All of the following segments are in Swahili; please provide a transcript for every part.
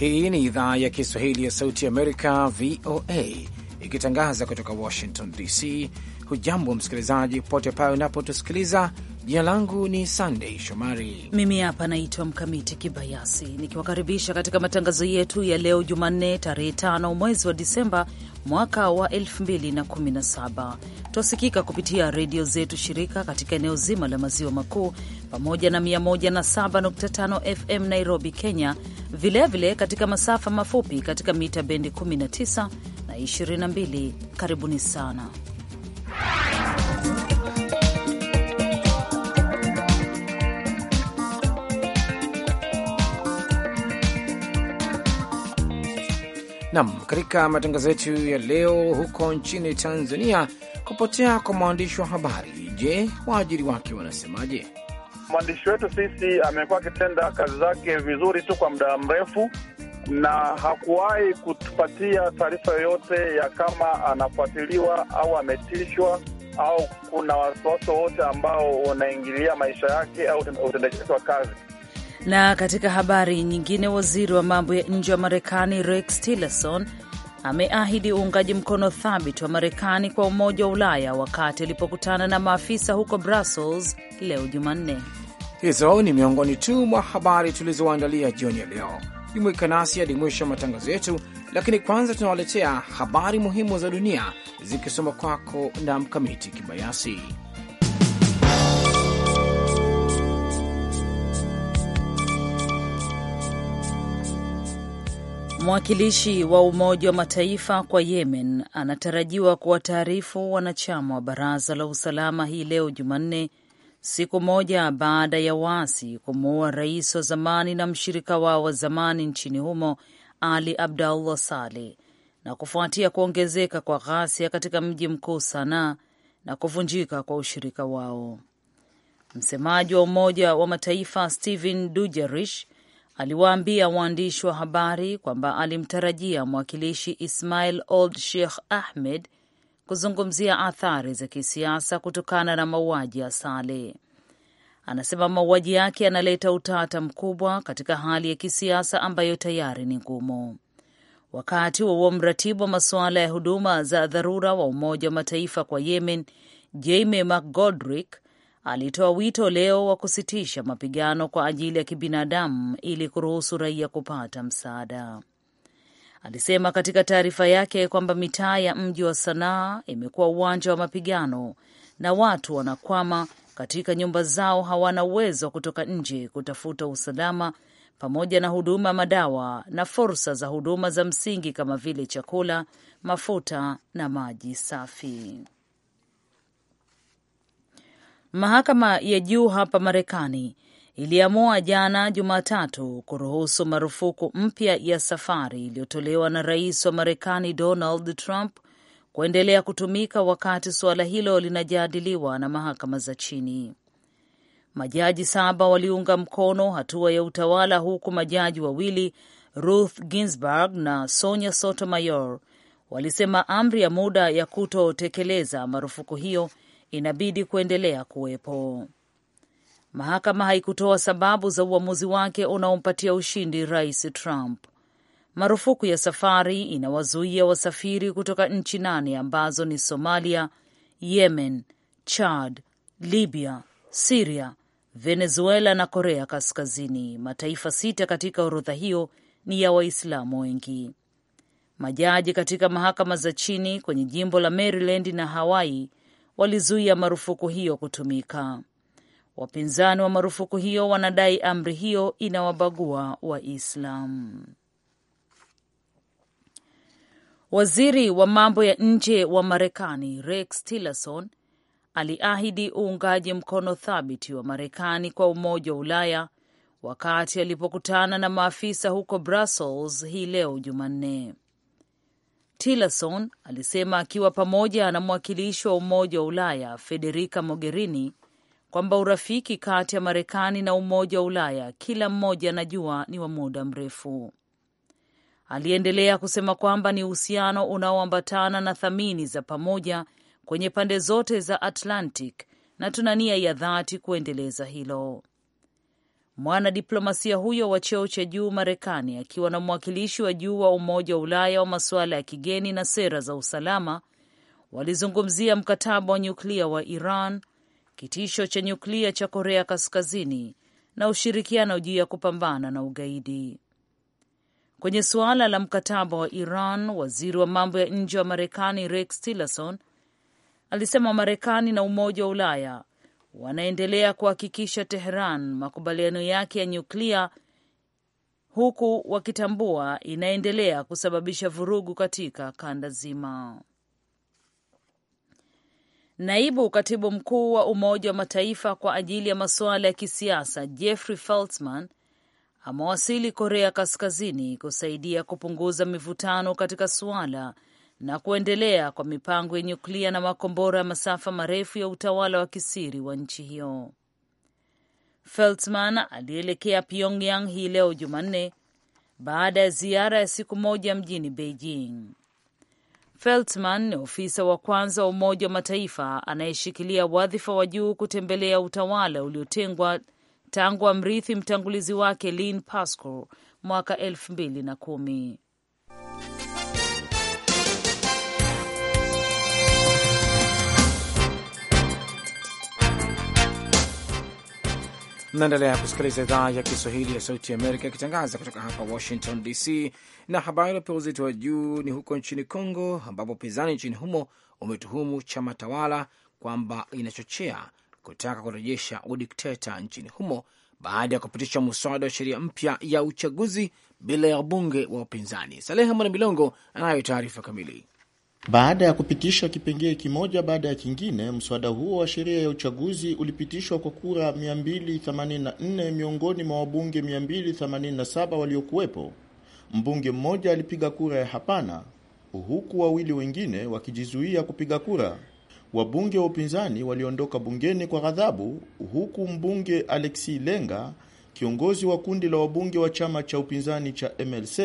Hii ni idhaa ya Kiswahili ya Sauti Amerika, VOA, ikitangaza kutoka Washington DC. Hujambo msikilizaji, popote pale unapotusikiliza. Jina langu ni Sandey Shomari, mimi hapa naitwa Mkamiti Kibayasi, nikiwakaribisha katika matangazo yetu ya leo Jumanne, tarehe 5 mwezi wa Disemba mwaka wa 2017. Twasikika kupitia redio zetu shirika katika eneo zima la maziwa makuu pamoja na 107.5 FM Nairobi, Kenya, vilevile vile katika masafa mafupi katika mita bendi 19 na 22. Karibuni sana. Nam, katika matangazo yetu ya leo, huko nchini Tanzania kupotea kwa mwandishi wa habari. Je, waajiri wake wanasemaje? Mwandishi wetu sisi amekuwa akitenda kazi zake vizuri tu kwa muda mrefu na hakuwahi kutupatia taarifa yoyote ya kama anafuatiliwa au ametishwa au kuna wasiwasi wowote ambao unaingilia maisha yake au utendaji wake wa kazi. Na katika habari nyingine, waziri wa mambo ya nje wa Marekani Rex Tillerson ameahidi uungaji mkono thabiti wa Marekani kwa Umoja wa Ulaya wakati alipokutana na maafisa huko Brussels leo Jumanne. Hizo ni miongoni tu mwa habari tulizoandalia jioni ya leo. Jumuika nasi hadi mwisho wa matangazo yetu, lakini kwanza tunawaletea habari muhimu za dunia zikisoma kwako na Mkamiti Kibayasi. Mwakilishi wa Umoja wa Mataifa kwa Yemen anatarajiwa kuwataarifu wanachama wa Baraza la Usalama hii leo Jumanne, siku moja baada ya waasi kumuua rais wa zamani na mshirika wao wa zamani nchini humo Ali Abdallah Saleh na kufuatia kuongezeka kwa ghasia katika mji mkuu Sanaa na kuvunjika kwa ushirika wao. Msemaji wa Umoja wa Mataifa Stephen Dujarish aliwaambia waandishi wa habari kwamba alimtarajia mwakilishi Ismail Old Sheikh Ahmed kuzungumzia athari za kisiasa kutokana na mauaji ya Saleh. Anasema mauaji yake yanaleta utata mkubwa katika hali ya kisiasa ambayo tayari ni ngumu. Wakati huo mratibu wa masuala ya huduma za dharura wa Umoja wa Mataifa kwa Yemen, jame McGodrick alitoa wito leo wa kusitisha mapigano kwa ajili ya kibinadamu ili kuruhusu raia kupata msaada. Alisema katika taarifa yake kwamba mitaa ya mji wa Sanaa imekuwa uwanja wa mapigano na watu wanakwama katika nyumba zao, hawana uwezo wa kutoka nje kutafuta usalama pamoja na huduma madawa na fursa za huduma za msingi kama vile chakula, mafuta na maji safi. Mahakama ya juu hapa Marekani iliamua jana Jumatatu kuruhusu marufuku mpya ya safari iliyotolewa na rais wa Marekani Donald Trump kuendelea kutumika wakati suala hilo linajadiliwa na mahakama za chini. Majaji saba waliunga mkono hatua ya utawala, huku majaji wawili Ruth Ginsburg na Sonia Sotomayor walisema amri ya muda ya kutotekeleza marufuku hiyo inabidi kuendelea kuwepo. Mahakama haikutoa sababu za uamuzi wake unaompatia ushindi Rais Trump. Marufuku ya safari inawazuia wasafiri kutoka nchi nane ambazo ni Somalia, Yemen, Chad, Libya, Siria, Venezuela na Korea Kaskazini. Mataifa sita katika orodha hiyo ni ya Waislamu wengi. Majaji katika mahakama za chini kwenye jimbo la Maryland na Hawaii walizuia marufuku hiyo kutumika. Wapinzani wa marufuku hiyo wanadai amri hiyo inawabagua Waislamu. Waziri wa mambo ya nje wa Marekani Rex Tillerson aliahidi uungaji mkono thabiti wa Marekani kwa Umoja wa Ulaya wakati alipokutana na maafisa huko Brussels hii leo Jumanne. Tillerson alisema akiwa pamoja na mwakilishi wa Umoja wa Ulaya Federica Mogherini kwamba urafiki kati ya Marekani na Umoja wa Ulaya kila mmoja anajua ni wa muda mrefu. Aliendelea kusema kwamba ni uhusiano unaoambatana na thamani za pamoja kwenye pande zote za Atlantic na tuna nia ya dhati kuendeleza hilo mwanadiplomasia huyo wa cheo cha juu Marekani akiwa na mwakilishi wa juu wa Umoja wa Ulaya wa masuala ya kigeni na sera za usalama walizungumzia mkataba wa nyuklia wa Iran, kitisho cha nyuklia cha Korea Kaskazini na ushirikiano juu ya kupambana na ugaidi. Kwenye suala la mkataba wa Iran, waziri wa mambo ya nje wa Marekani Rex Tillerson alisema Marekani na Umoja wa Ulaya wanaendelea kuhakikisha Tehran makubaliano yake ya nyuklia huku wakitambua inaendelea kusababisha vurugu katika kanda zima. Naibu katibu mkuu wa Umoja wa Mataifa kwa ajili ya masuala ya kisiasa Jeffrey Feltman amewasili Korea Kaskazini kusaidia kupunguza mivutano katika suala na kuendelea kwa mipango ya nyuklia na makombora ya masafa marefu ya utawala wa kisiri wa nchi hiyo. Feltman alielekea Pyongyang hii leo Jumanne baada ya ziara ya siku moja mjini Beijing. Feltman ni ofisa wa kwanza wa Umoja wa Mataifa anayeshikilia wadhifa wa juu kutembelea utawala uliotengwa tangu amrithi mtangulizi wake Lin Pascoe mwaka elfu mbili na kumi. Mnaendelea kusikiliza idhaa ya Kiswahili ya Sauti ya Amerika ikitangaza kutoka hapa Washington DC, na habari iliyopewa uzito wa juu ni huko nchini congo ambapo upinzani nchini humo umetuhumu chama tawala kwamba inachochea kutaka kurejesha udikteta nchini humo baada ya kupitisha muswada wa sheria mpya ya uchaguzi bila ya wabunge wa upinzani. Salehe Mwana Milongo anayo taarifa kamili. Baada ya kupitisha kipengee kimoja baada ya kingine, mswada huo wa sheria ya uchaguzi ulipitishwa kwa kura 284 miongoni mwa wabunge 287 waliokuwepo. Mbunge mmoja alipiga kura ya hapana, huku wawili wengine wakijizuia kupiga kura. Wabunge wa upinzani waliondoka bungeni kwa ghadhabu, huku mbunge Alexi Lenga, kiongozi wa kundi la wabunge wa chama cha upinzani cha MLC,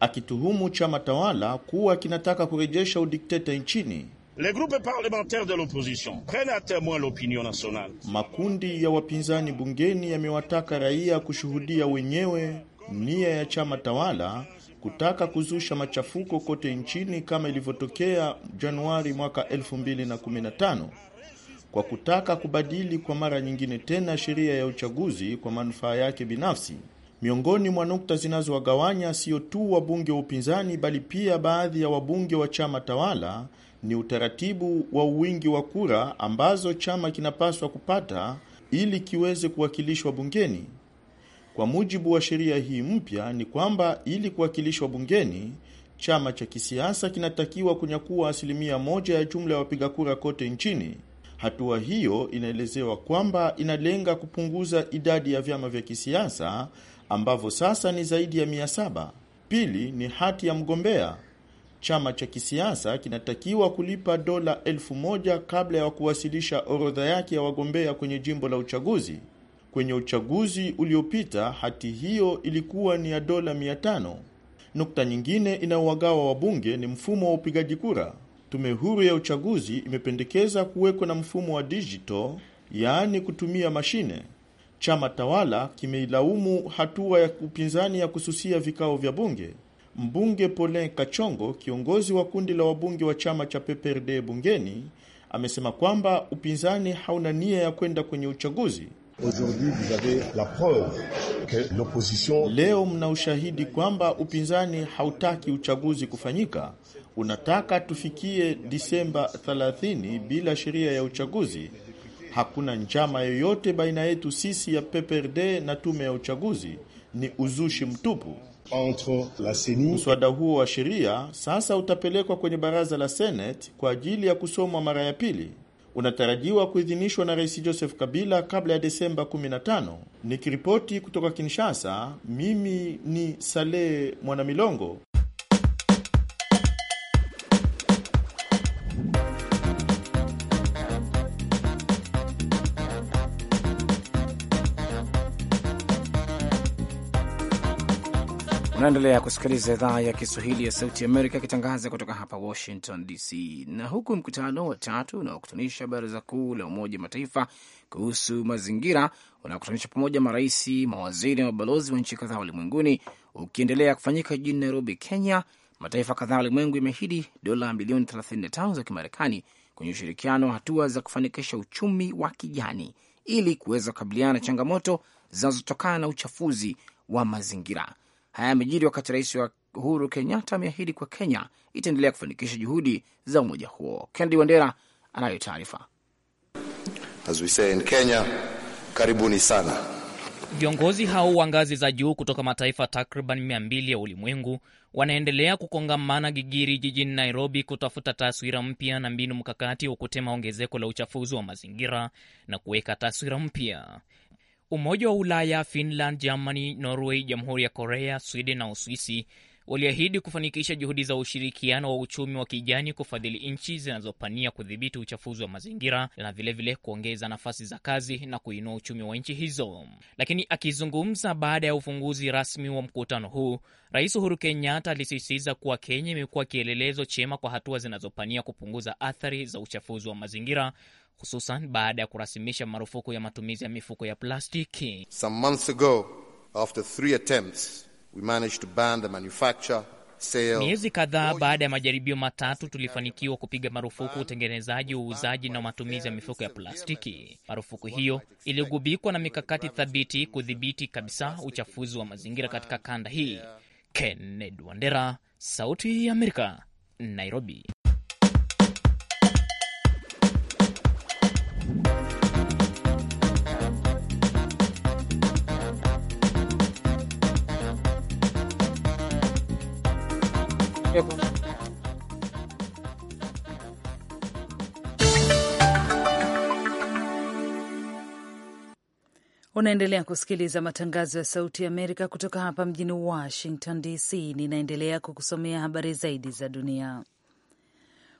akituhumu chama tawala kuwa kinataka kurejesha udikteta nchini. Les groupes parlementaires de l'opposition prennent l'opinion nationale. Makundi ya wapinzani bungeni yamewataka raia kushuhudia wenyewe nia ya chama tawala kutaka kuzusha machafuko kote nchini kama ilivyotokea Januari mwaka 2015 kwa kutaka kubadili kwa mara nyingine tena sheria ya uchaguzi kwa manufaa yake binafsi. Miongoni mwa nukta zinazowagawanya sio tu wabunge wa upinzani bali pia baadhi ya wabunge wa chama tawala ni utaratibu wa uwingi wa kura ambazo chama kinapaswa kupata ili kiweze kuwakilishwa bungeni. Kwa mujibu wa sheria hii mpya, ni kwamba ili kuwakilishwa bungeni, chama cha kisiasa kinatakiwa kunyakua asilimia moja ya jumla ya wapiga kura kote nchini. Hatua hiyo inaelezewa kwamba inalenga kupunguza idadi ya vyama vya kisiasa ambavyo sasa ni zaidi ya mia saba. Pili ni hati ya mgombea. Chama cha kisiasa kinatakiwa kulipa dola elfu moja kabla ya kuwasilisha orodha yake ya wagombea kwenye jimbo la uchaguzi. Kwenye uchaguzi uliopita hati hiyo ilikuwa ni ya dola mia tano. Nukta nyingine inayowagawa wabunge ni mfumo wa upigaji kura. Tume huru ya uchaguzi imependekeza kuwekwa na mfumo wa dijito, yaani kutumia mashine. Chama tawala kimeilaumu hatua ya upinzani ya kususia vikao vya bunge. Mbunge Paulin Kachongo, kiongozi wa kundi la wabunge wa chama cha PPRD bungeni, amesema kwamba upinzani hauna nia ya kwenda kwenye uchaguzi. Leo mna ushahidi kwamba upinzani hautaki uchaguzi kufanyika. Unataka tufikie Disemba 30 bila sheria ya uchaguzi. Hakuna njama yoyote baina yetu sisi ya PPRD na tume ya uchaguzi, ni uzushi mtupu. Mswada huo wa sheria sasa utapelekwa kwenye baraza la Senate kwa ajili ya kusomwa mara ya pili. Unatarajiwa kuidhinishwa na Rais Joseph Kabila kabla ya Desemba 15. Nikiripoti kutoka Kinshasa, mimi ni Saleh Mwanamilongo. Unaendelea kusikiliza idhaa ya Kiswahili ya Sauti Amerika ikitangaza kutoka hapa Washington DC. Na huku mkutano wa tatu unaokutanisha baraza kuu la Umoja wa Mataifa kuhusu mazingira unaokutanisha pamoja marais, mawaziri na mabalozi wa nchi kadhaa ulimwenguni ukiendelea kufanyika jijini Nairobi, Kenya, mataifa kadhaa ulimwengu imeahidi dola bilioni 35 za Kimarekani kwenye ushirikiano wa hatua za kufanikisha uchumi wa kijani ili kuweza kukabiliana na changamoto zinazotokana na uchafuzi wa mazingira. Haya yamejiri wakati rais wa Uhuru Kenyatta ameahidi kwa Kenya itaendelea kufanikisha juhudi za umoja huo. Kennedy Wandera anayo taarifa. As we say in Kenya, karibuni sana. Viongozi hao wa ngazi za juu kutoka mataifa takriban mia mbili ya ulimwengu wanaendelea kukongamana gigiri jijini Nairobi kutafuta taswira mpya na mbinu mkakati wa kutema ongezeko la uchafuzi wa mazingira na kuweka taswira mpya. Umoja wa Ulaya, Finland, Germany, Norway, Jamhuri ya Korea, Sweden na Uswisi waliahidi kufanikisha juhudi za ushirikiano wa uchumi wa kijani kufadhili nchi zinazopania kudhibiti uchafuzi wa mazingira na vilevile vile kuongeza nafasi za kazi na kuinua uchumi wa nchi hizo. Lakini akizungumza baada ya ufunguzi rasmi wa mkutano huu, Rais Uhuru Kenyatta alisisitiza kuwa Kenya imekuwa kielelezo chema kwa hatua zinazopania kupunguza athari za uchafuzi wa mazingira hususan baada ya kurasimisha marufuku ya matumizi ya mifuko ya plastiki. Some months ago, after three attempts We managed to ban the manufacture Miezi kadhaa baada ya majaribio matatu tulifanikiwa kupiga marufuku utengenezaji, uuzaji na matumizi ya mifuko ya plastiki. Marufuku hiyo iligubikwa na mikakati thabiti kudhibiti kabisa uchafuzi wa mazingira katika kanda hii. kenned Wandera, Sauti ya Amerika, Nairobi. Unaendelea kusikiliza matangazo ya Sauti ya Amerika kutoka hapa mjini Washington DC. Ninaendelea kukusomea habari zaidi za dunia.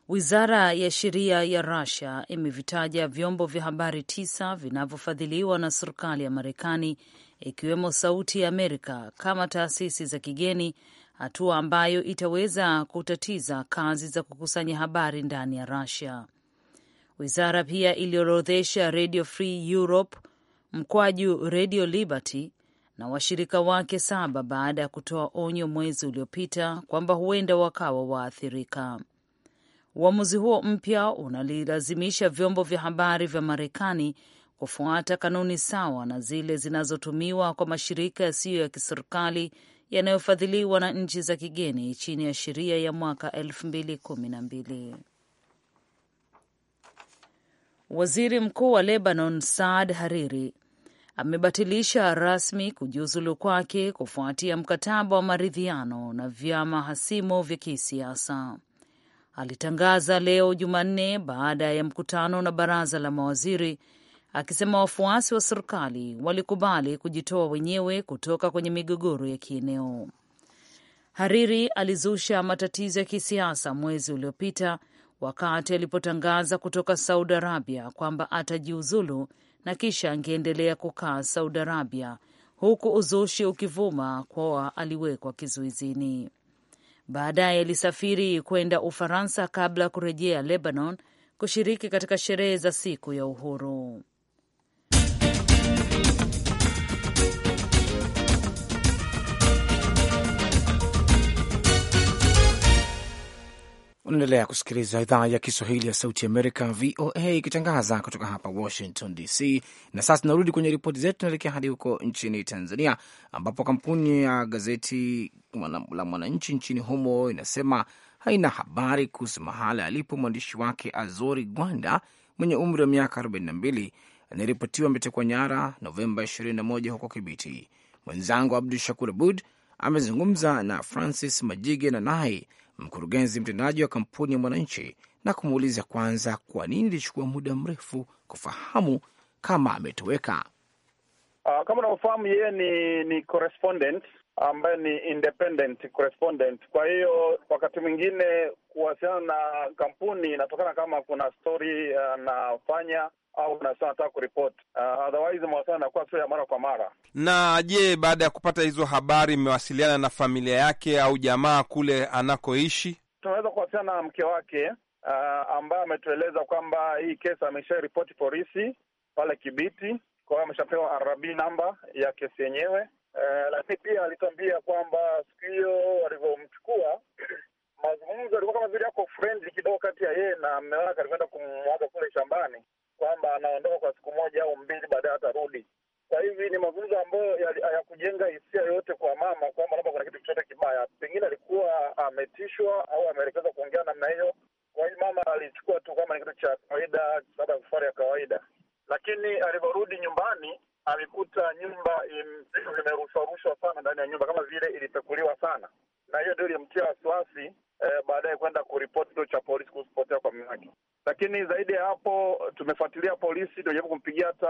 Wizara ya sheria ya rusia imevitaja vyombo vya habari tisa vinavyofadhiliwa na serikali ya Marekani, ikiwemo Sauti ya Amerika, kama taasisi za kigeni hatua ambayo itaweza kutatiza kazi za kukusanya habari ndani ya Rusia. Wizara pia iliorodhesha Radio Free Europe mkwaju Radio Liberty na washirika wake saba baada ya kutoa onyo mwezi uliopita kwamba huenda wakawa waathirika. Uamuzi huo mpya unalilazimisha vyombo vya habari vya Marekani kufuata kanuni sawa na zile zinazotumiwa kwa mashirika yasiyo ya kiserikali yanayofadhiliwa na nchi za kigeni chini ya sheria ya mwaka elfu mbili kumi na mbili. Waziri Mkuu wa Lebanon Saad Hariri amebatilisha rasmi kujiuzulu kwake kufuatia mkataba wa maridhiano na vyama hasimu vya kisiasa. Alitangaza leo Jumanne baada ya mkutano na baraza la mawaziri akisema wafuasi wa serikali walikubali kujitoa wenyewe kutoka kwenye migogoro ya kieneo. Hariri alizusha matatizo ya kisiasa mwezi uliopita wakati alipotangaza kutoka Saudi Arabia kwamba atajiuzulu na kisha angeendelea kukaa Saudi Arabia, huku uzushi ukivuma kuwa aliwekwa kizuizini. Baadaye alisafiri kwenda Ufaransa kabla ya kurejea Lebanon kushiriki katika sherehe za siku ya uhuru. Unaendelea kusikiliza idhaa ya Kiswahili ya Sauti Amerika, VOA, ikitangaza kutoka hapa Washington DC. Na sasa tunarudi kwenye ripoti zetu, tunaelekea hadi huko nchini Tanzania, ambapo kampuni ya gazeti la Mwananchi nchini humo inasema haina habari kuhusu mahala alipo mwandishi wake Azori Gwanda mwenye umri wa miaka 42 anayeripotiwa ametekwa nyara Novemba 21 huko Kibiti. Mwenzangu Abdu Shakur Abud amezungumza na Francis Majige na Nahi, mkurugenzi mtendaji wa kampuni ya Mwananchi, na kumuuliza kwanza kwa nini ilichukua muda mrefu kufahamu kama ametoweka. Uh, kama unavyofahamu yeye ni ni correspondent ambaye ni independent correspondent. Kwa hiyo wakati mwingine kuwasiliana na kampuni inatokana kama kuna story eh, anafanya au nasema nataka kuripot. uh, eh, otherwise mawasiliano yanakuwa sio ya mara kwa mara. Na je, baada ya kupata hizo habari mmewasiliana na familia yake au jamaa kule anakoishi? Tunaweza kuwasiliana na mke wake uh, ambaye ametueleza kwamba hii kesi ripoti polisi pale Kibiti, kwa hiyo ameshapewa RB namba ya kesi yenyewe Eh, lakini pia alituambia kwamba siku hiyo walivyomchukua mazungumzo alikuwa kama vile yako friendly kidogo, kati ya yeye na mme wake. Alikwenda kumwaga kule shambani kwamba anaondoka kwa siku moja au mbili, baadaye atarudi. Kwa hivi ni mazungumzo ambayo hayakujenga hisia yoyote kwa mama kwamba labda kuna kitu chochote kibaya, pengine alikuwa ametishwa au ameelekezwa kuongea namna hiyo. Kwa hiyo mama alichukua tu kama ni kitu cha kawaida, labda safari ya kawaida, lakini alivyorudi nyumbani alikuta nyumba vitu vimerusharushwa sana ndani ya nyumba, kama vile ilipekuliwa sana, na hiyo ndio ilimtia wasiwasi eh, baadaye kwenda kuripoti kituo cha polisi kuhusu kupotea kwa mume wake. Lakini zaidi ya hapo tumefuatilia polisi, tunajaribu kumpigia hata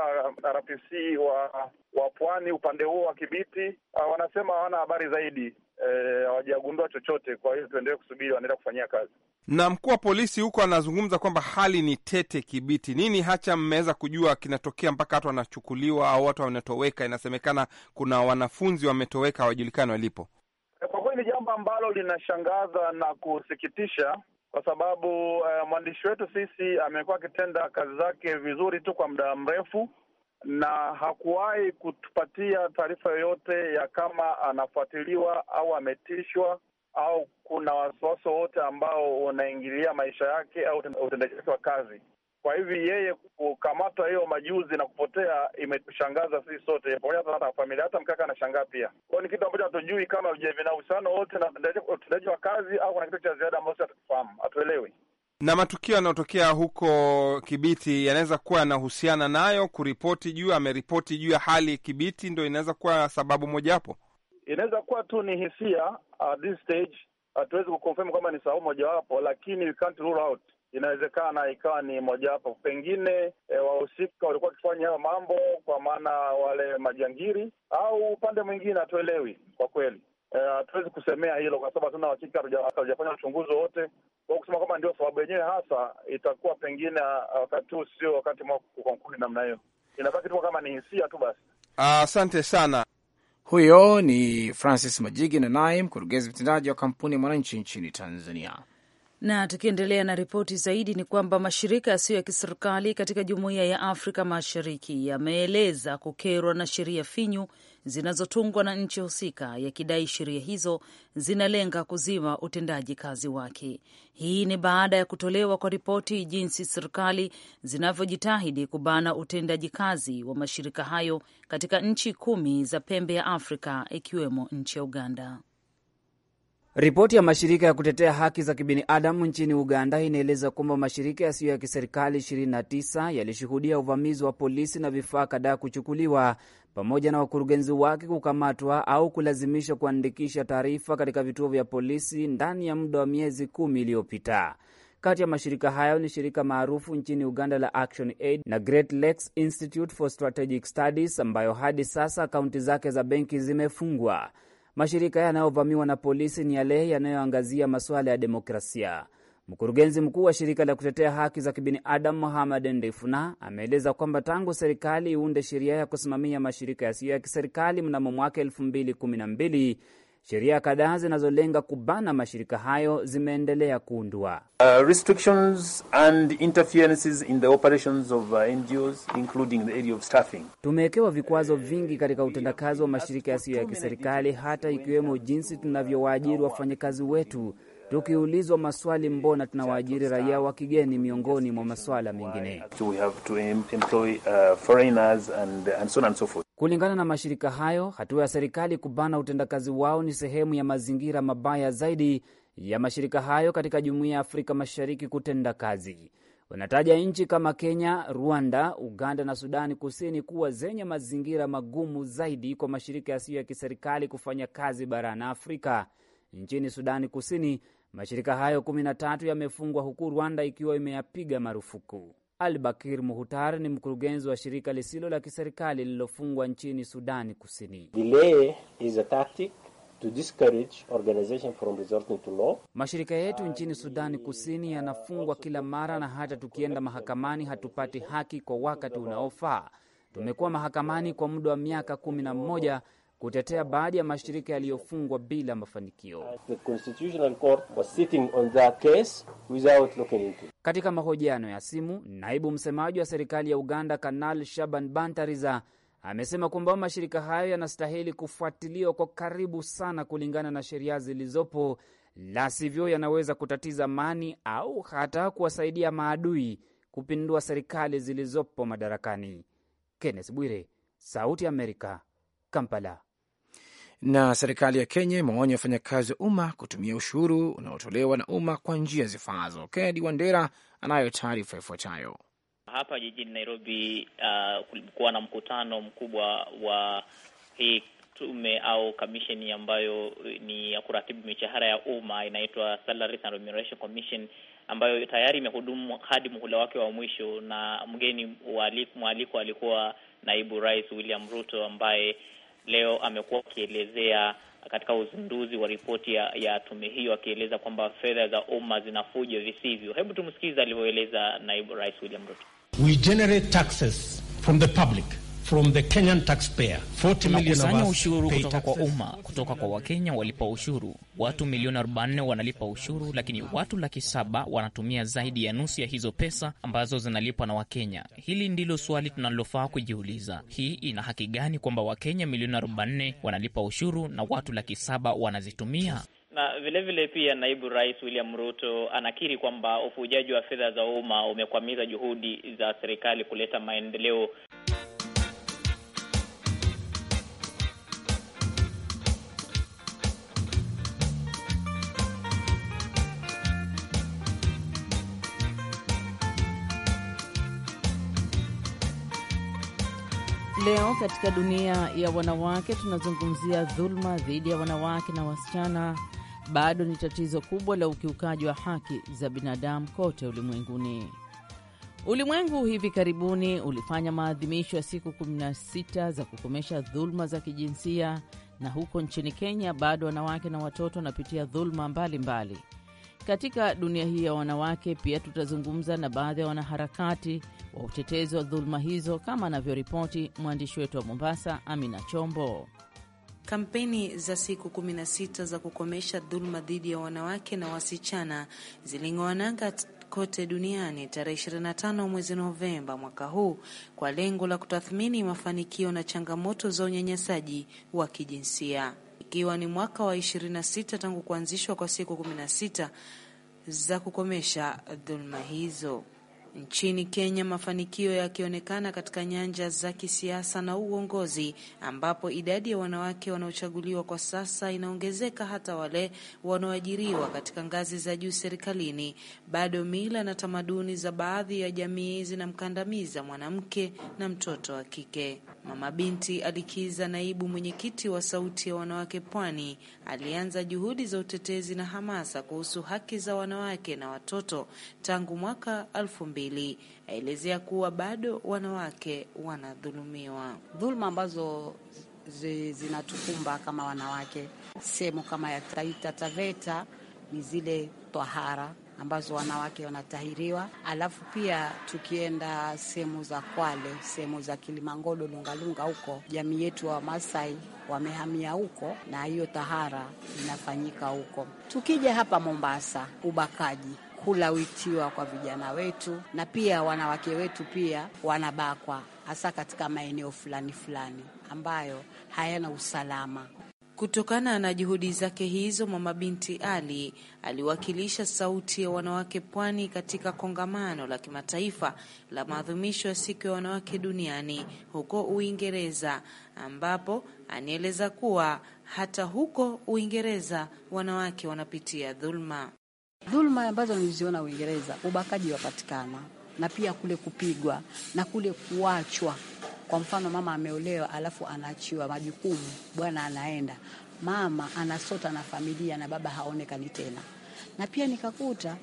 RPC wa wa pwani upande huo wa Kibiti. Uh, wanasema hawana habari zaidi, eh, hawajagundua e, chochote. Kwa hiyo tuendelee kusubiri, wanaenda kufanyia kazi. Na mkuu wa polisi huko anazungumza kwamba hali ni tete Kibiti. Nini hacha mmeweza kujua kinatokea mpaka watu wanachukuliwa au watu wanatoweka? Inasemekana kuna wanafunzi wametoweka, hawajulikani walipo. Eh, kwa kweli ni jambo ambalo linashangaza na kusikitisha, kwa sababu uh, mwandishi wetu sisi amekuwa akitenda kazi zake vizuri tu kwa muda mrefu na hakuwahi kutupatia taarifa yoyote ya kama anafuatiliwa au ametishwa au kuna wasiwasi wowote ambao unaingilia maisha yake au utendaji wake wa kazi. Kwa hivi yeye kukamatwa hiyo majuzi na kupotea imetushangaza sisi sote, pamoja na familia, hata mkaka anashangaa pia. Kwao ni kitu ambacho hatujui kama vina uhusiano wote na utendaji wa kazi au kuna kitu cha ziada ambacho hatukifahamu, hatuelewi na matukio yanayotokea huko Kibiti yanaweza kuwa yanahusiana nayo. Kuripoti juu ameripoti juu ya hali Kibiti, ndo inaweza kuwa sababu mojawapo. Inaweza kuwa tu ni hisia at this stage, hatuwezi kuconfirm kwamba ni sababu mojawapo, lakini we can't rule out inawezekana ikawa ni mojawapo pengine, e, wahusika walikuwa wakifanya hayo mambo kwa maana wale majangiri, au upande mwingine hatuelewi kwa kweli. E, hatuwezi e, kusemea hilo kwa sababu hatuna uhakika, hatujafanya uchunguzi wowote kwa kusema kwamba ndio sababu yenyewe hasa. Itakuwa pengine wakati huu sio wakati mwa namna hiyo, inabaki tu kama ni hisia tu basi. Asante sana. Huyo ni Francis Majigi na naye mkurugenzi mtendaji wa kampuni ya Mwananchi nchini Tanzania. Na tukiendelea na ripoti zaidi ni kwamba mashirika yasiyo ya kiserikali katika jumuiya ya Afrika Mashariki yameeleza kukerwa na sheria finyu zinazotungwa na nchi husika, yakidai sheria hizo zinalenga kuzima utendaji kazi wake. Hii ni baada ya kutolewa kwa ripoti jinsi serikali zinavyojitahidi kubana utendaji kazi wa mashirika hayo katika nchi kumi za pembe ya Afrika ikiwemo nchi ya Uganda. Ripoti ya mashirika ya kutetea haki za kibinadamu nchini Uganda inaeleza kwamba mashirika yasiyo ya kiserikali 29 yalishuhudia uvamizi wa polisi na vifaa kadhaa kuchukuliwa pamoja na wakurugenzi wake kukamatwa au kulazimishwa kuandikisha taarifa katika vituo vya polisi ndani ya muda wa miezi kumi iliyopita. Kati ya mashirika hayo ni shirika maarufu nchini Uganda la Action Aid na Great Lakes Institute for Strategic Studies ambayo hadi sasa akaunti zake za benki zimefungwa. Mashirika yanayovamiwa na polisi ni yale yanayoangazia masuala ya demokrasia. Mkurugenzi mkuu wa shirika la kutetea haki za kibinadamu muhamad Ndifuna ameeleza kwamba tangu serikali iunde sheria ya kusimamia mashirika yasiyo ya kiserikali mnamo mwaka elfu mbili kumi na mbili Sheria kadhaa zinazolenga kubana mashirika hayo zimeendelea kuundwa. Uh, restrictions and interferences in the operations of uh, NGOs including the area of staffing. Tumewekewa vikwazo vingi katika utendakazi wa mashirika yasiyo ya kiserikali hata ikiwemo jinsi tunavyowaajiri wafanyakazi wetu Tukiulizwa maswali, mbona tunawaajiri raia wa kigeni miongoni mwa maswala mengine? Uh, Kulingana na mashirika hayo, hatua ya serikali kubana utendakazi wao ni sehemu ya mazingira mabaya zaidi ya mashirika hayo katika jumuiya ya Afrika Mashariki kutenda kazi. Wanataja nchi kama Kenya, Rwanda, Uganda na Sudani Kusini kuwa zenye mazingira magumu zaidi kwa mashirika yasiyo ya kiserikali kufanya kazi barani Afrika. Nchini Sudani Kusini, Mashirika hayo 13 yamefungwa huku Rwanda ikiwa imeyapiga marufuku. al bakir Muhutar ni mkurugenzi wa shirika lisilo la kiserikali lililofungwa nchini Sudani Kusini. Delay is a tactic to discourage organization from resorting to law. Mashirika yetu nchini Sudani Kusini yanafungwa kila mara na hata tukienda mahakamani hatupati haki kwa wakati unaofaa. Tumekuwa mahakamani kwa muda wa miaka kumi na mmoja kutetea baadhi ya mashirika yaliyofungwa bila mafanikio. Katika mahojiano ya simu, naibu msemaji wa serikali ya Uganda Kanal Shaban Bantariza amesema kwamba mashirika hayo yanastahili kufuatiliwa kwa karibu sana kulingana na sheria zilizopo, la sivyo yanaweza kutatiza amani au hata kuwasaidia maadui kupindua serikali zilizopo madarakani. Kenneth Bwire, Sauti ya Amerika, Kampala. Na serikali ya Kenya imewaonya wafanyakazi wa umma kutumia ushuru unaotolewa na umma kwa njia zifaazo. Kennedy Wandera anayo taarifa ifuatayo. Hapa jijini Nairobi uh, na mkutano mkubwa wa hii tume au kamisheni ambayo eh, ni ya kuratibu mishahara ya umma inaitwa Salaries and Remuneration Commission ambayo tayari imehudumu hadi muhula wake wa mwisho, na mgeni mwaliko alikuwa naibu rais William Ruto ambaye leo amekuwa akielezea katika uzinduzi wa ripoti ya, ya tume hiyo akieleza kwamba fedha za umma zinafuja visivyo. Hebu tumsikilize alivyoeleza naibu rais William Ruto. We generate taxes from the public from the Kenyan taxpayer. 40 million ushuru kutoka kwa umma, kutoka kwa Wakenya walipa ushuru. Watu milioni 44 wanalipa ushuru, lakini watu laki saba wanatumia zaidi ya nusu ya hizo pesa ambazo zinalipwa na Wakenya. Hili ndilo swali tunalofaa kujiuliza. Hii ina haki gani kwamba Wakenya milioni 44 wanalipa ushuru na watu laki saba wanazitumia? na vile vile pia naibu rais William Ruto anakiri kwamba ufujaji wa fedha za umma umekwamiza juhudi za serikali kuleta maendeleo Leo katika dunia ya wanawake tunazungumzia dhuluma dhidi ya wanawake na wasichana bado ni tatizo kubwa la ukiukaji wa haki za binadamu kote ulimwenguni. Ulimwengu hivi karibuni ulifanya maadhimisho ya siku 16 za kukomesha dhuluma za kijinsia, na huko nchini Kenya bado wanawake na watoto wanapitia dhuluma mbalimbali mbali. Katika dunia hii ya wanawake, pia tutazungumza na baadhi ya wanaharakati wa utetezi wa dhuluma hizo, kama anavyoripoti mwandishi wetu wa Mombasa, Amina Chombo. Kampeni za siku 16 za kukomesha dhuluma dhidi ya wanawake na wasichana ziling'oa nanga kote duniani tarehe 25 mwezi Novemba mwaka huu kwa lengo la kutathmini mafanikio na changamoto za unyanyasaji wa kijinsia ikiwa ni mwaka wa 26 tangu kuanzishwa kwa siku 16 za kukomesha dhuluma hizo. Nchini Kenya mafanikio yakionekana katika nyanja za kisiasa na uongozi, ambapo idadi ya wanawake wanaochaguliwa kwa sasa inaongezeka, hata wale wanaoajiriwa katika ngazi za juu serikalini. Bado mila na tamaduni za baadhi ya jamii zinamkandamiza mwanamke na mtoto wa kike. Mama Binti Alikiza, naibu mwenyekiti wa Sauti ya Wanawake Pwani, alianza juhudi za utetezi na hamasa kuhusu haki za wanawake na watoto tangu mwaka elfu mbili mbili. Aelezea kuwa bado wanawake wanadhulumiwa, dhuluma ambazo zinatukumba kama wanawake sehemu kama ya Taita Taveta ni zile twahara ambazo wanawake wanatahiriwa. Alafu pia tukienda sehemu za Kwale, sehemu za kilimangodo Lungalunga huko jamii yetu wa wamasai wamehamia huko, na hiyo tahara inafanyika huko. Tukija hapa Mombasa, ubakaji kulawitiwa kwa vijana wetu, na pia wanawake wetu pia wanabakwa, hasa katika maeneo fulani fulani ambayo hayana usalama. Kutokana na juhudi zake hizo, Mama Binti Ali aliwakilisha sauti ya wanawake pwani katika kongamano la kimataifa la maadhimisho ya siku ya wanawake duniani huko Uingereza, ambapo anieleza kuwa hata huko Uingereza wanawake wanapitia dhuluma. Dhuluma ambazo niliziona Uingereza, ubakaji wapatikana, na pia kule kupigwa na kule kuachwa. Kwa mfano, mama ameolewa alafu anaachiwa majukumu, bwana anaenda, mama anasota na familia na baba haonekani tena. Na pia nikakuta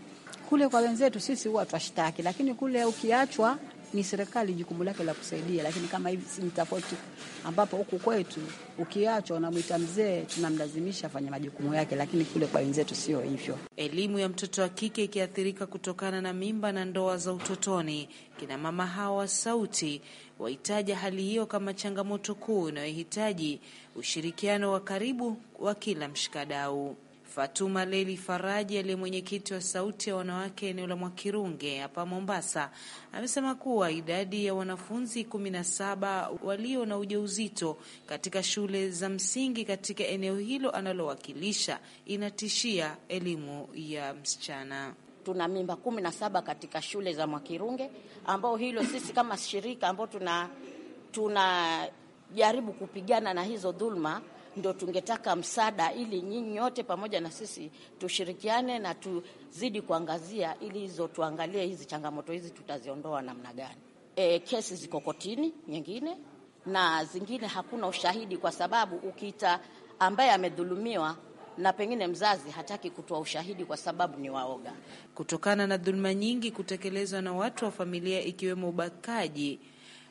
kule kwa wenzetu sisi huwa twashtaki, lakini kule ukiachwa ni serikali jukumu lake la kusaidia, lakini kama hivi si tofauti, ambapo huku kwetu ukiachwa unamwita mzee, tunamlazimisha afanye majukumu yake, lakini kule kwa wenzetu sio hivyo. Elimu ya mtoto wa kike ikiathirika kutokana na mimba na ndoa za utotoni, kina mama hawa Sauti wahitaja hali hiyo kama changamoto kuu inayohitaji ushirikiano wa karibu wa kila mshikadau. Fatuma Leli Faraji aliye mwenyekiti wa Sauti ya Wanawake eneo la Mwakirunge hapa Mombasa amesema kuwa idadi ya wanafunzi kumi na saba walio na ujauzito katika shule za msingi katika eneo hilo analowakilisha inatishia elimu ya msichana. Tuna mimba kumi na saba katika shule za Mwakirunge, ambao hilo sisi kama shirika ambao tuna tunajaribu kupigana na hizo dhuluma ndo tungetaka msaada, ili nyinyi nyote pamoja na sisi tushirikiane na tuzidi kuangazia, ili hizo tuangalie hizi changamoto hizi tutaziondoa namna gani. E, kesi ziko kotini nyingine na zingine hakuna ushahidi, kwa sababu ukiita ambaye amedhulumiwa na pengine mzazi hataki kutoa ushahidi kwa sababu ni waoga, kutokana na dhuluma nyingi kutekelezwa na watu wa familia ikiwemo ubakaji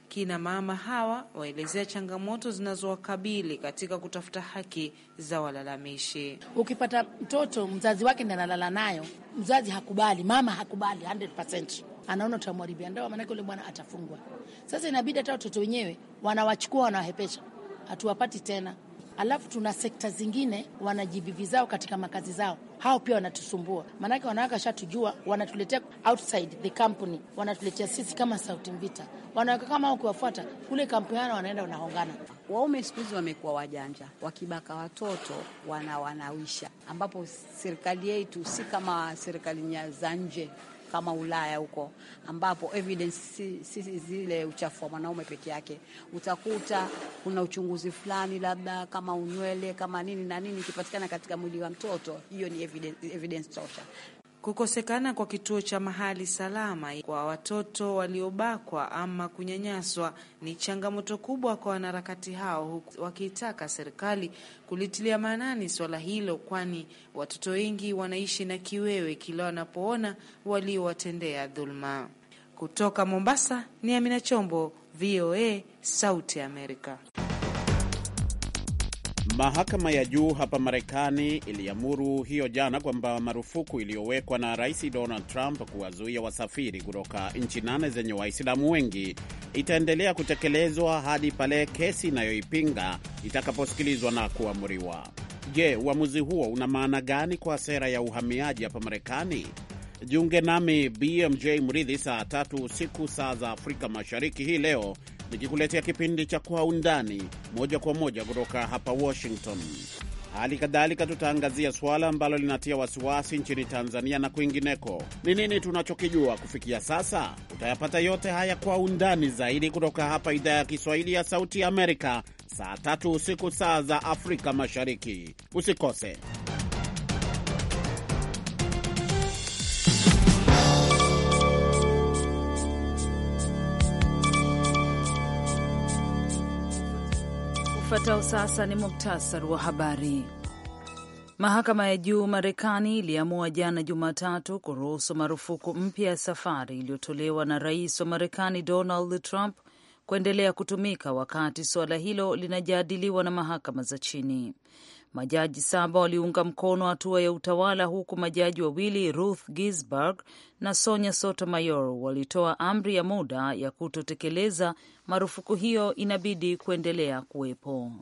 Kina mama hawa waelezea changamoto zinazowakabili katika kutafuta haki za walalamishi. Ukipata mtoto mzazi wake ndiye analala nayo, mzazi hakubali, mama hakubali 100%. Anaona utamwaribia ndoa, maanake yule bwana atafungwa. Sasa inabidi hata watoto wenyewe wanawachukua, wanawahepesha, hatuwapati tena alafu tuna sekta zingine wana zao katika makazi zao. Hao pia wanatusumbua, maanake wanawake washatujua, wanatuletea outside the company, wanatuletea sisi kama Sauti Mvita. Wanawake kama ukiwafuata kule kampuni wanaenda wanahongana. Waume siku hizi wamekuwa wajanja, wakibaka watoto wana wanawisha, ambapo serikali yetu si kama serikali za nje kama Ulaya huko, ambapo evidence si, si zile uchafu wa mwanaume peke yake. Utakuta kuna uchunguzi fulani, labda kama unywele kama nini na nini, ikipatikana katika mwili wa mtoto, hiyo ni evidence, evidence tosha kukosekana kwa kituo cha mahali salama kwa watoto waliobakwa ama kunyanyaswa ni changamoto kubwa kwa wanaharakati hao, huku wakiitaka serikali kulitilia maanani swala hilo, kwani watoto wengi wanaishi na kiwewe kila wanapoona waliowatendea dhuluma. Kutoka Mombasa ni Amina Chombo, VOA, Sauti Amerika. Mahakama ya juu hapa Marekani iliamuru hiyo jana kwamba marufuku iliyowekwa na Rais Donald Trump kuwazuia wasafiri kutoka nchi nane zenye Waislamu wengi itaendelea kutekelezwa hadi pale kesi inayoipinga itakaposikilizwa na kuamuriwa. Je, uamuzi huo una maana gani kwa sera ya uhamiaji hapa Marekani? Jiunge nami BMJ Mridhi saa tatu usiku saa za Afrika Mashariki hii leo nikikuletea kipindi cha Kwa Undani moja kwa moja kutoka hapa Washington. Hali kadhalika tutaangazia suala ambalo linatia wasiwasi nchini Tanzania na kwingineko. Ni nini tunachokijua kufikia sasa? Utayapata yote haya kwa undani zaidi kutoka hapa idhaa ya Kiswahili ya Sauti Amerika, saa tatu usiku saa za Afrika Mashariki. Usikose. Ufuatao sasa ni muktasari wa habari. Mahakama ya juu Marekani iliamua jana Jumatatu kuruhusu marufuku mpya ya safari iliyotolewa na rais wa Marekani Donald Trump kuendelea kutumika wakati suala hilo linajadiliwa na mahakama za chini. Majaji saba waliunga mkono hatua ya utawala, huku majaji wawili Ruth Ginsburg na Sonia Sotomayor walitoa amri ya muda ya kutotekeleza marufuku hiyo inabidi kuendelea kuwepo.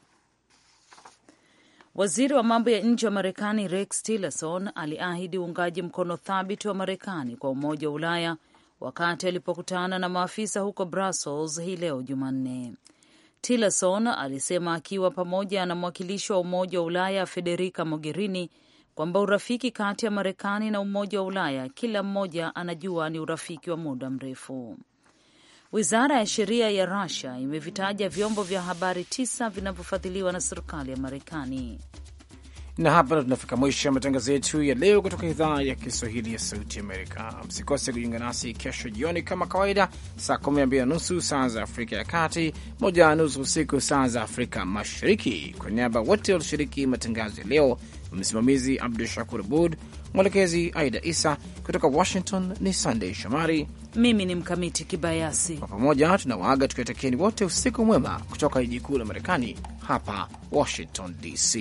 Waziri wa mambo ya nje wa Marekani Rex Tillerson aliahidi uungaji mkono thabiti wa Marekani kwa Umoja wa Ulaya wakati alipokutana na maafisa huko Brussels hii leo Jumanne. Tillerson alisema akiwa pamoja na mwakilishi wa Umoja wa Ulaya Federica Mogherini kwamba urafiki kati ya Marekani na Umoja wa Ulaya, kila mmoja anajua ni urafiki wa muda mrefu. Wizara ya sheria ya Rusia imevitaja vyombo vya habari tisa vinavyofadhiliwa na serikali ya Marekani. Na hapa ndo tunafika mwisho ya matangazo yetu ya leo kutoka idhaa ya Kiswahili ya Sauti Amerika. Msikose kujiunga nasi kesho jioni kama kawaida, saa 12 na nusu saa za Afrika ya Kati, moja na nusu usiku saa za Afrika Mashariki. Kwa niaba wote walioshiriki matangazo ya leo, msimamizi Abdu Shakur Abud, mwelekezi Aida Isa kutoka Washington ni Sandey Shomari, mimi ni Mkamiti Kibayasi. Kwa pamoja tunawaaga tukiwatakieni wote usiku mwema kutoka jiji kuu la Marekani, hapa Washington DC.